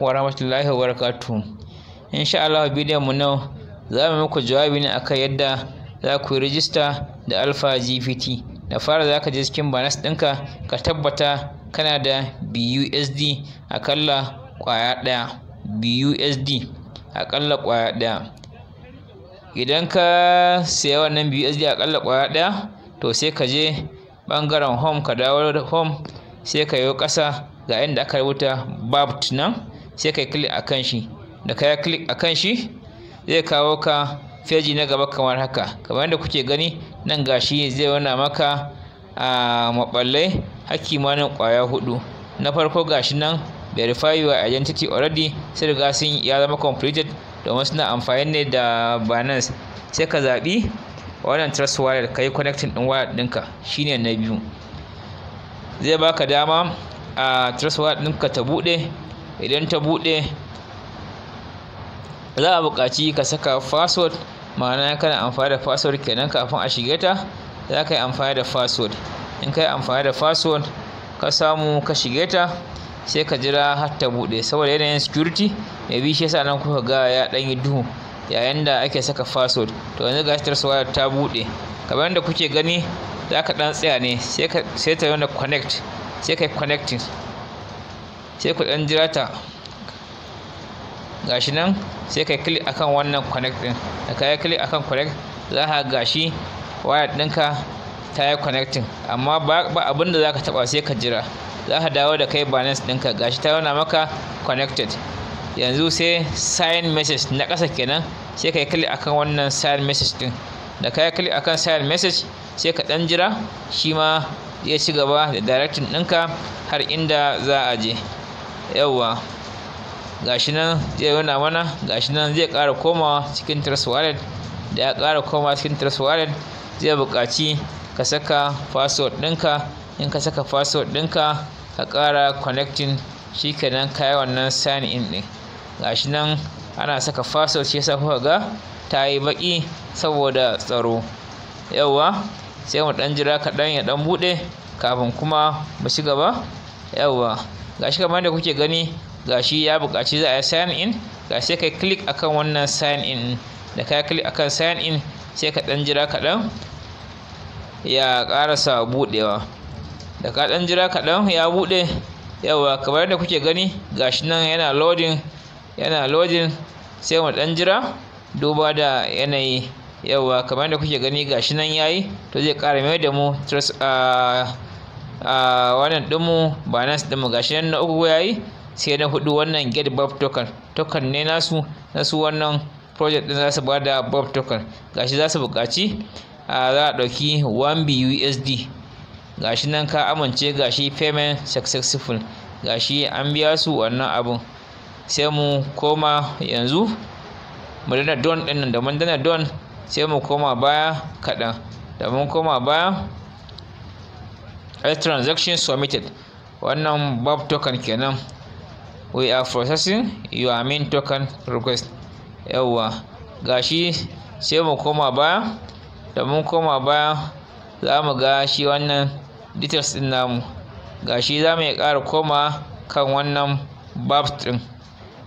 wa rahmatullahi wa barakatuhu insha Allah bidiyon mu na za mu muku jawabi ne akan yadda za ku yi rijista da alpha gpt da fara za ka je cikin banas ɗinka ka tabbata kana da busd akalla kwaya ɗaya busd akalla kwaya ɗaya idan ka siya wannan busd akalla kwaya ɗaya to sai ka je ɓangaren home ka dawo home sai ka yi ƙasa ga inda aka rubuta babt nan sai kai a akan shi da ka klik akan shi zai kawo ka feji na gaba kamar haka kamar yadda kuke gani nan gashi zai wana maka a maballai haki manin kwaya hudu na farko gashi nan verify your identity already sai riga sun ya zama completed domin suna amfani ne da Binance sai ka zaɓi wannan trust wallet ka yi connecting ɗin wallet ɗinka shine na biyu zai baka dama a trust wallet ɗinka ta buɗe idan ta buɗe za a buƙaci ka saka password ma'ana kana amfani da password kenan kafin a shige ta za ka yi amfani da password in ka yi amfani da password ka samu ka shige ta sai ka jira har ta buɗe saboda yanayin security mai bi shi yasa nan kuka ga ya ɗan yi duhu yayin da ake saka password to yanzu ga suwa ta buɗe kamar yadda kuke gani za ka ɗan tsaya ne sai ta yi connect sai ka yi connecting sai ku ɗan jira ta gashi nan sai kai click akan wannan connect ɗin da ka yi click akan connect za ka gashi waya ɗinka ta yi connecting amma ba abin da za ka taɓa sai ka jira za ka dawo da kai balance ɗinka gashi ta yana maka connected yanzu sai sign message na ƙasa kenan sai ka yi click akan wannan sign message ɗin da ka yi click akan sign message sai ka ɗan jira shi ma zai ci gaba da directing ɗinka har inda za a je yawa gashi nan zai nuna mana gashi nan zai ƙara komawa cikin trust da ya kara komawa cikin trust zai bukaci ka saka password ɗinka in ka saka password ɗinka ka ƙara connecting shikenan kayi wannan sign in ɗin gashi nan ana saka password shi yasa kuka ga ta yi baƙi saboda tsaro yawa sai mu ɗan jira kaɗan ya ɗan buɗe kafin kuma mu ci gaba yawa. gashi kamar da kuke gani gashi ya buƙaci za a yi sign in ga sai ka click akan wannan sign in da ka click akan sign in sai ka dan jira kaɗan ya ƙarasa buɗewa da ka ɗan jira kaɗan ya buɗe yawa kamar da kuke gani gashi nan yana loading yana loading sai mu ɗan jira duba da yanayi yawa kamar da kuke gani gashi nan yayi to zai ƙara mai da mu ah, wannan ɗinmu binance ɗinmu gashi nan na uku yayi sai na hudu wannan get bob token token ne nasu na su wannan project ɗin za su ba da bob token gashi zasu bukaci a za a ɗauki 1 busd gashi nan ka amince gashi payment successful gashi an biya su wannan abun sai mu koma yanzu mu dana don din nan da mun dana don sai mu koma baya kaɗan da mun koma baya a transaction submitted wannan bob token kenan we are processing your main token request yawwa gashi sai mu koma baya da mun koma baya za mu ga shi wannan details din namu gashi za mu ƙara koma kan wannan bob din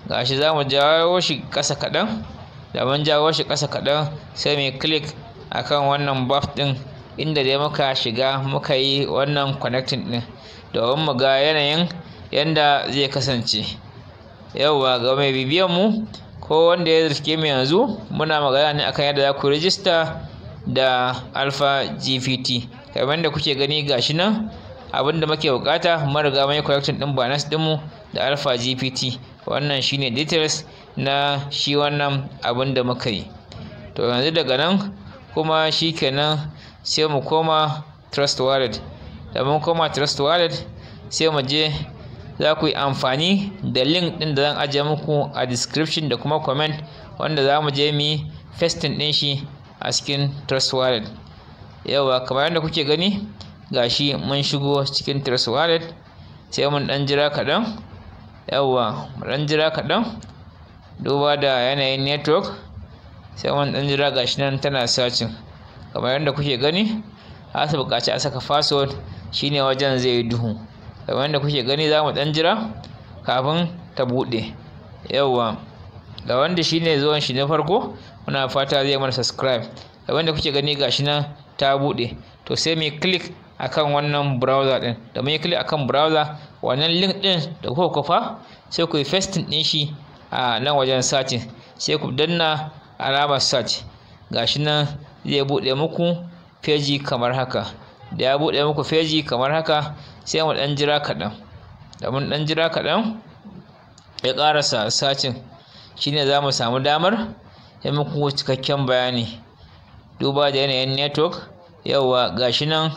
gashi za mu jawo shi ƙasa kaɗan da mun jawo shi ƙasa kaɗan sai mu click akan wannan buff ɗin inda dai muka shiga muka yi wannan connecting ɗin domin mu ga yanayin yanda zai kasance yauwa ga mai bibiyan mu ko wanda ya zirke mu yanzu muna magana ne akan yadda za ku rijista da alpha gpt kamar da kuke gani gashi nan abin da muke bukata mun riga mai yi connecting din binance da alpha gpt wannan shine details na shi wannan abin da muka yi to yanzu daga nan kuma shikenan sai mu koma trust wallet da mun koma trust wallet sai mu je za ku yi amfani da link ɗin da zan ajiye muku a description da kuma comment wanda za mu je mu yi festing ɗin shi a cikin trust wallet yawa kamar yadda kuke gani gashi mun shigo cikin trust wallet sai mun ɗan jira kaɗan yawa mu ɗan jira kaɗan duba da yanayin network sai mun ɗan jira gashi nan tana searching kamar yadda kuke gani za su buƙaci a saka password shine wajen zai duhu kamar yadda kuke gani za mu ɗan jira kafin ta buɗe yawwa ga wanda shine zuwan shi na farko muna fata zai mana subscribe kamar yadda kuke gani gashi nan ta buɗe to sai mu click akan wannan browser din da mu click akan browser wannan link din da kuka sai ku yi pasting din shi a nan wajen searching sai ku danna alamar search gashi nan zai buɗe muku feji kamar haka da ya buɗe muku feji kamar haka sai mu ɗan jira kaɗan da mun ɗan jira kaɗan ya ƙarasa sacin shine za mu samu damar ya muku cikakken bayani duba da yanayin network yauwa gashi nan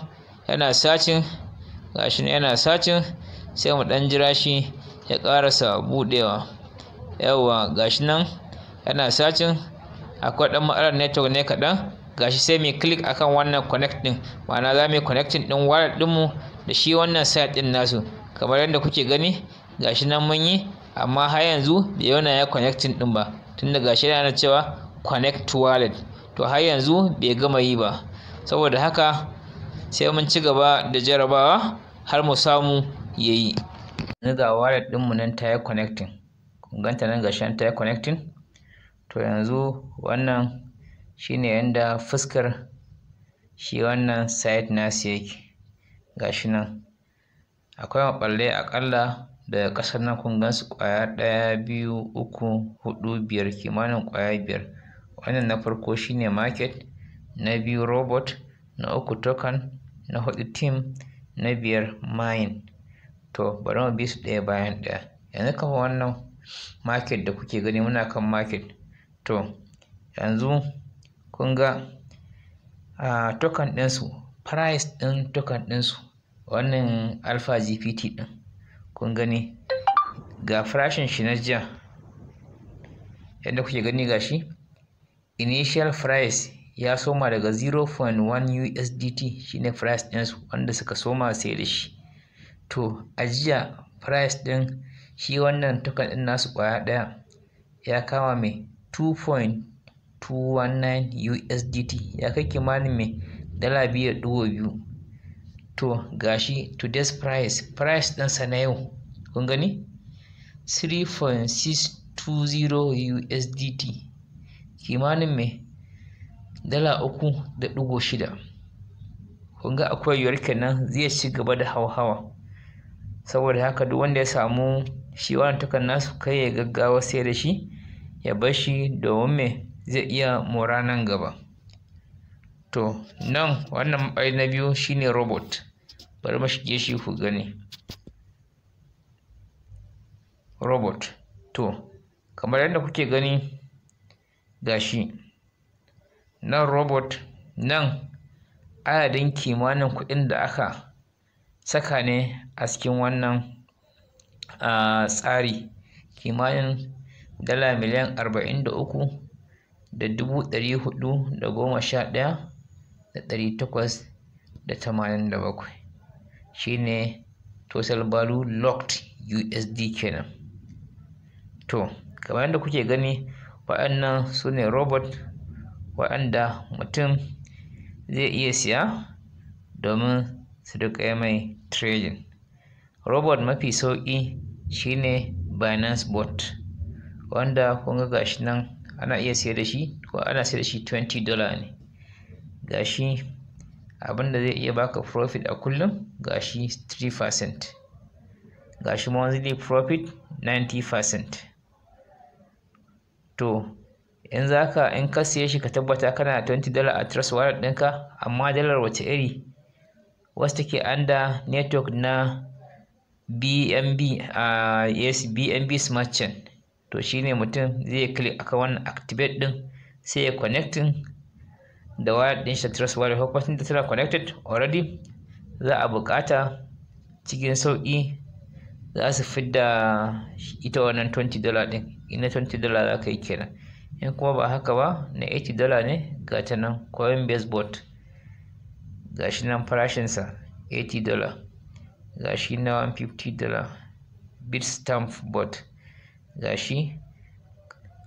yana sacin gashi nan yana sacin sai mu ɗan jira shi ya ƙarasa buɗewa yauwa gashi nan yana sacin akwai ɗan matsalar network ne kaɗan gashi sai mai click akan wannan connect din ma'ana za mu connecting din wallet mu da shi wannan site din nasu kamar yadda kuke gani gashi nan mun yi amma har yanzu bai yana ya connecting din ba tunda gashi yana cewa connect to wallet to har yanzu bai gama yi ba saboda haka sai mun ci gaba da jarabawa har mu samu yayi yanzu ga wallet ɗinmu nan ta yi connecting kun ganta nan gashi ta yi connecting to yanzu wannan shine yanda fuskar shi wannan site nasu yake gashi nan akwai maɓallai aƙalla daga ƙasar nan kun gansu ƙwaya ɗaya biyu uku huɗu biyar kimanin ƙwaya biyar wannan na farko shine market na biyu robot na uku token na huɗu team na biyar mine to bari mu bi su ɗaya bayan ɗaya yanzu kamar wannan market da kuke gani muna kan market to yanzu kun ga a token ɗinsu price ɗin token ɗinsu wannan alpha gpt ɗin kun gani ga farashin shi na jiya yadda kuke gani ga shi initial price ya soma daga 0.1 USDT shine price ɗinsu wanda suka soma sai da shi to a jiya price ɗin shi wannan token ɗin nasu ƙwaya ɗaya ya kama mai 2. 219 USDT ya kai kimanin mai dala biyar ɗigo biyu to gashi today's price price ɗinsa na yau kun gani 3.620 USDT kimanin mai dala uku da ɗigo shida kun ga akwai yiwuwar kenan zai ci gaba da hauhawa saboda haka duk wanda ya samu shi wannan takan nasu kai ya gaggawa sai da shi ya bar shi domin me zai iya mora nan gaba to nan wannan maɓari na biyu shine robot bari mu shige shi ku gani robot to kamar yadda kuke gani gashi nan robot nan adadin kimanin kuɗin da aka saka ne a cikin wannan ah, tsari kimanin dala miliyan arba'in da uku da dubu ɗari hudu da goma sha ɗaya da ɗari takwas da tamanin da bakwai shine total value locked USD kenan to kamar yadda kuke gani waɗannan su ne robot waɗanda mutum zai iya siya domin su riƙa mai trading robot mafi sauƙi shine Binance bot wanda kun ga gashi nan ana iya sayar da shi ko ana sayar da shi 20 dollar ne gashi abin da zai iya baka profit a kullum gashi 3% gashi monthly profit 90% to in zaka in ka siye shi ka tabbata kana 20 dollar a trust wallet ɗinka amma dalar wace iri wasu take under network na BNB a uh, yes BNB smart chain to shi ne mutum zai click akan wannan activate din sai ya connecting da waya din shi trust wire ko kuma tana connected already za a bukata cikin sauki za su da ita wannan 20 dollar din ina 20 dollar za ka yi kenan in kuma ba haka ba na 80 dollar ne ga ta nan base bot ga shi nan farashinsa 80 dollar ga shi na 150 dollar stamp bot gashi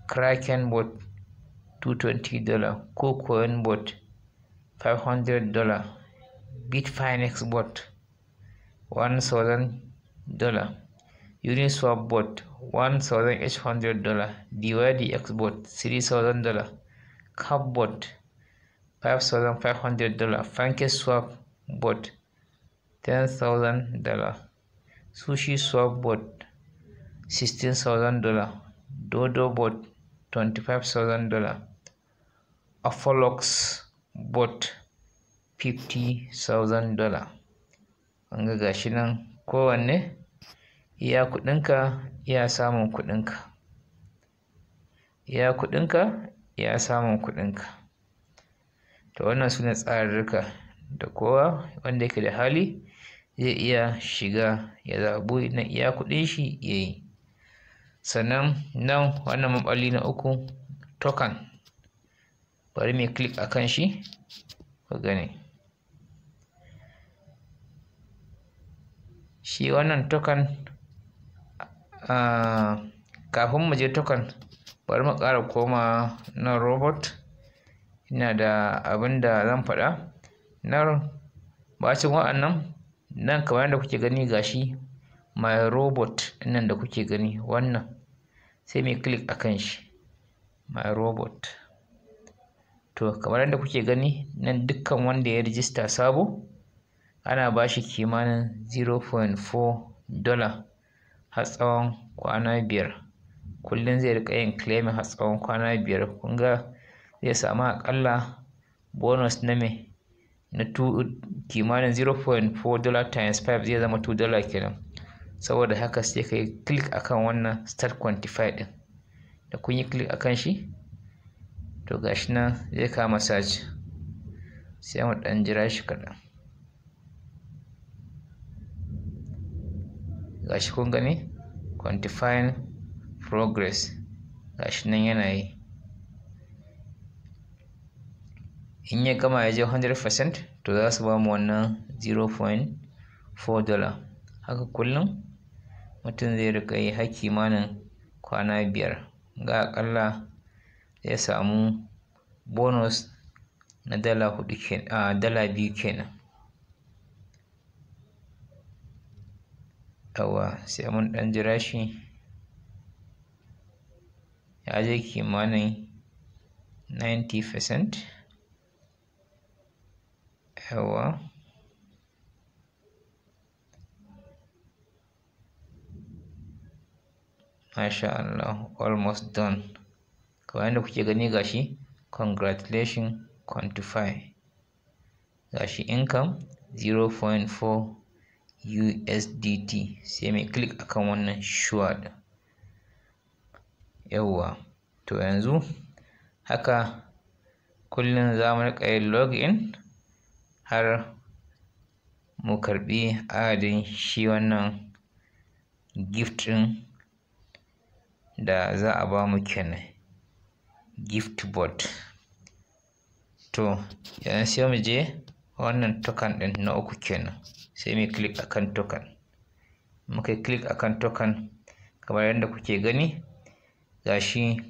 kraken bot 220 dollar Kucoin bot 500 dollar bitfinex bot 1000 dollar uniswap bot 1800 dollar dydx bot 3000 dollar cap bot 5500 dollar swap bot 10000 dollar sushi swap bot sixteen thousand dollar dodo bot twenty five thousand dollar apollox bot fifty thousand dollar an ga gashi nan kowanne iya kuɗinka iya samun kuɗinka iya kudinka iya samun kudinka to wannan su ne tsararruka da kowa wanda yake da hali zai iya shiga ya zaɓi na iya kuɗin shi ya yi sannan nan wannan maɓalli na uku token bari mai click a kan shi ku gani shi wannan token kafin mu je token bari mu ƙara koma nan robot ina da abin da zan faɗa nan bacin wa'annan nan kamar yadda kuke gani gashi my robot nan da kuke gani wannan sai mai click akan shi my robot to kamar yadda kuke gani nan dukkan wanda ya register sabo ana ba shi kimanin 0.4 dollar har tsawon kwana biyar kullum zai rika yin claiming har tsawon kwana biyar kun ga zai samu akalla bonus na me na kimanin 0.4 dollar times 5 zai zama 2 dollar kenan saboda haka sai ka yi click akan wannan start quantify din da kun yi click akan shi to gashi nan zai kama search sai mu dan jira shi kadan gashi kun gani quantifying progress gashi nan yana yi in ya gama ya je 100% to za su ba mu wannan 0.4 dollar haka kullum mutum zai riƙa yi har kimanin kwana biyar ga aƙalla zai samu bonus na dala hudu a dala biyu kenan yawa sai mun ɗan jira shi ya je kimanin 90% yawa Masha Allah, almost done. Kamar yadda kuke gani gashi, congratulation quantify. Gashi income 0.4 USDT. Sai mai click akan wannan shuwaɗa. Yawwa, to yanzu haka kullum za mu riƙa yin login har mu karɓi adadin shi wannan gift ɗin da za a ba mu kenan gift board to yanzu sai mu je wannan token din na uku kenan sai mu click akan token muka click akan token kamar yadda kuke gani gashi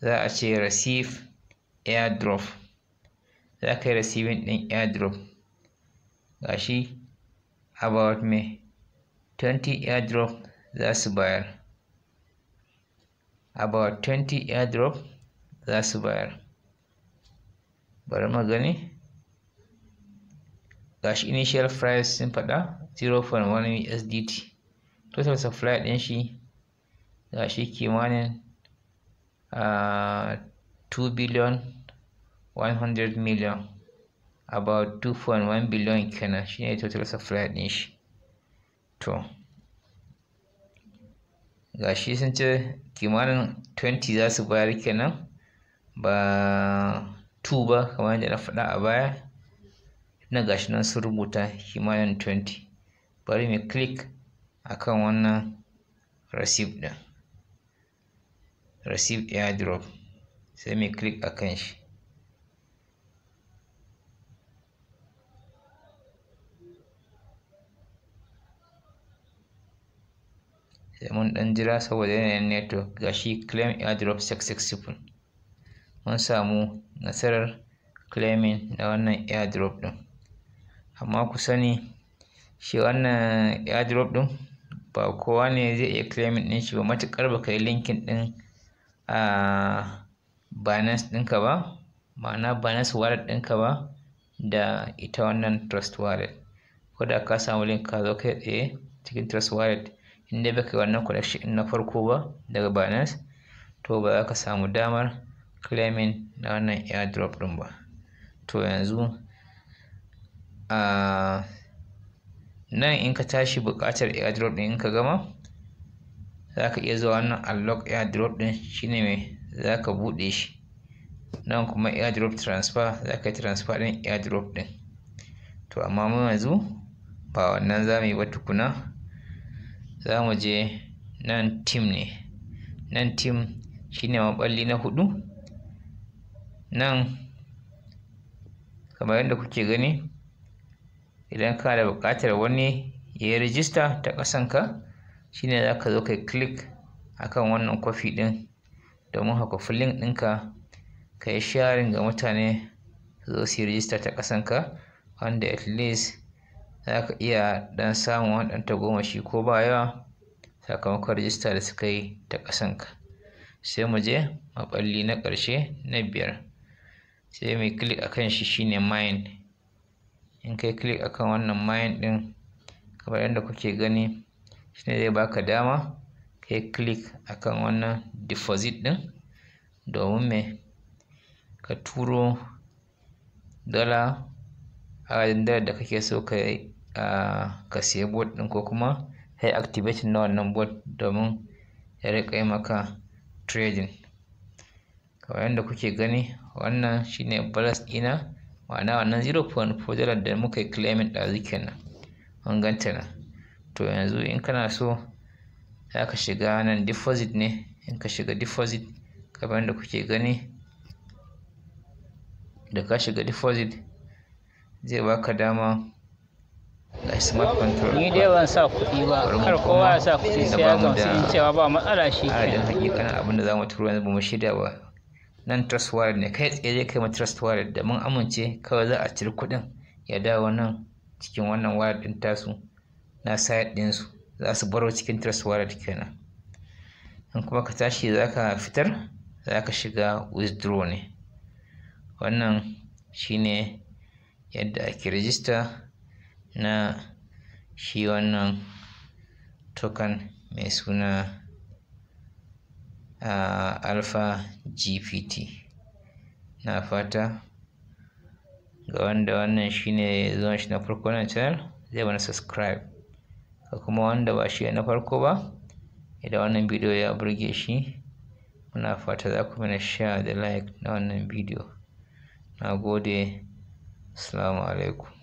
za a ce receive airdrop za ka yi receiving ɗin airdrop gashi about me 20 airdrop za su bayar about 20 airdrop za su bayar bari mu gani gashi initial price sun fada 0.1 USDT total supply din shi gashi kimanin uh, ah, 2 billion 100 million about 2.1 billion kenan shine total supply din shi to ga shi sun ce kimanin 20 za su bayar kenan ba 2 ba kamar yadda na faɗa a baya na gashi nan sun rubuta kimanin 20 bari mu click akan wannan receipt din receipt airdrop sai mu click akan shi sai mun ɗan jira saboda yanayin ga shi claim airdrop 660 mun samu nasarar claiming na wannan airdrop ɗin amma ku sani shi wannan airdrop ɗin ba kowa ne zai iya claiming ɗin shi ba matuƙar ba kai linkin ɗin a Binance ɗinka ba ma'ana Binance wallet ɗinka ba da ita wannan Trust Wallet ko da ka samu link ka zo kai tsaye cikin Trust Wallet in dai baka wannan collection na farko ba daga Binance to ba za ka samu damar claiming na wannan airdrop din ba to yanzu a nan in ka tashi bukatar airdrop din in ka gama za ka iya zuwa wannan unlock airdrop ɗin shine mai za ka buɗe shi nan kuma airdrop transfer za ka yi transfer ɗin airdrop din to amma mu yanzu ba wannan za mu yi ba tukuna za mu je nan tim ne nan tim shine maɓalli na hudu nan kamar yadda kuke gani idan ka da buƙatar wani ya yi rijista ta ƙasanka shine za ka zo kai click akan wannan kwafi ɗin domin haka filin ɗinka ka yi sharin ga mutane su zo su yi rijista ta ƙasanka wanda at least za ka iya ɗan samun waɗanta goma shi ko ba yawa sakamakon rijista da suka yi ta ƙasanka sai mu je maɓalli na ƙarshe na biyar sai mai klik a kan shi shine mind in kai klik a kan wannan mind ɗin kamar yadda kuke gani shine zai baka dama kai klik a kan wannan deposit ɗin domin me ka turo dala adadin dalar da kake so ka yi. ka siya bot ɗin ko kuma kai activating na wannan bot domin ya riƙa yi maka trading kamar yadda kuke gani wannan shine balance ɗina ma'ana wannan 0.4 dollar da muka yi claiming ɗazu kenan an ganta nan to yanzu in kana so za ka shiga nan deposit ne in ka shiga deposit kamar yadda kuke gani da ka shiga deposit zai baka dama ga smart control ni dai ban sa kuɗi ba kar kowa ya sa kuɗi sai ya gamsu cewa ba matsala shi ke da hakikanin abin da za mu turo yanzu ba mu shida ba nan trust wallet ne kai tsaye zai kai mu trust wallet da mun amince kawai za a ciri kuɗin ya dawo nan cikin wannan wallet ɗin tasu na site ɗinsu za su baro cikin trust wallet kenan in kuma ka tashi za ka fitar za ka shiga withdraw ne wannan shine yadda ake rijista na shi wannan token mai suna uh, alpha gpt na fata ga wanda wannan shine zuwan shi na farko na channel zai wani subscribe ga kuma wanda ba shi na farko ba idan wannan bidiyo ya burge shi muna fata za ku mana share da like na wannan bidiyo na gode assalamu alaikum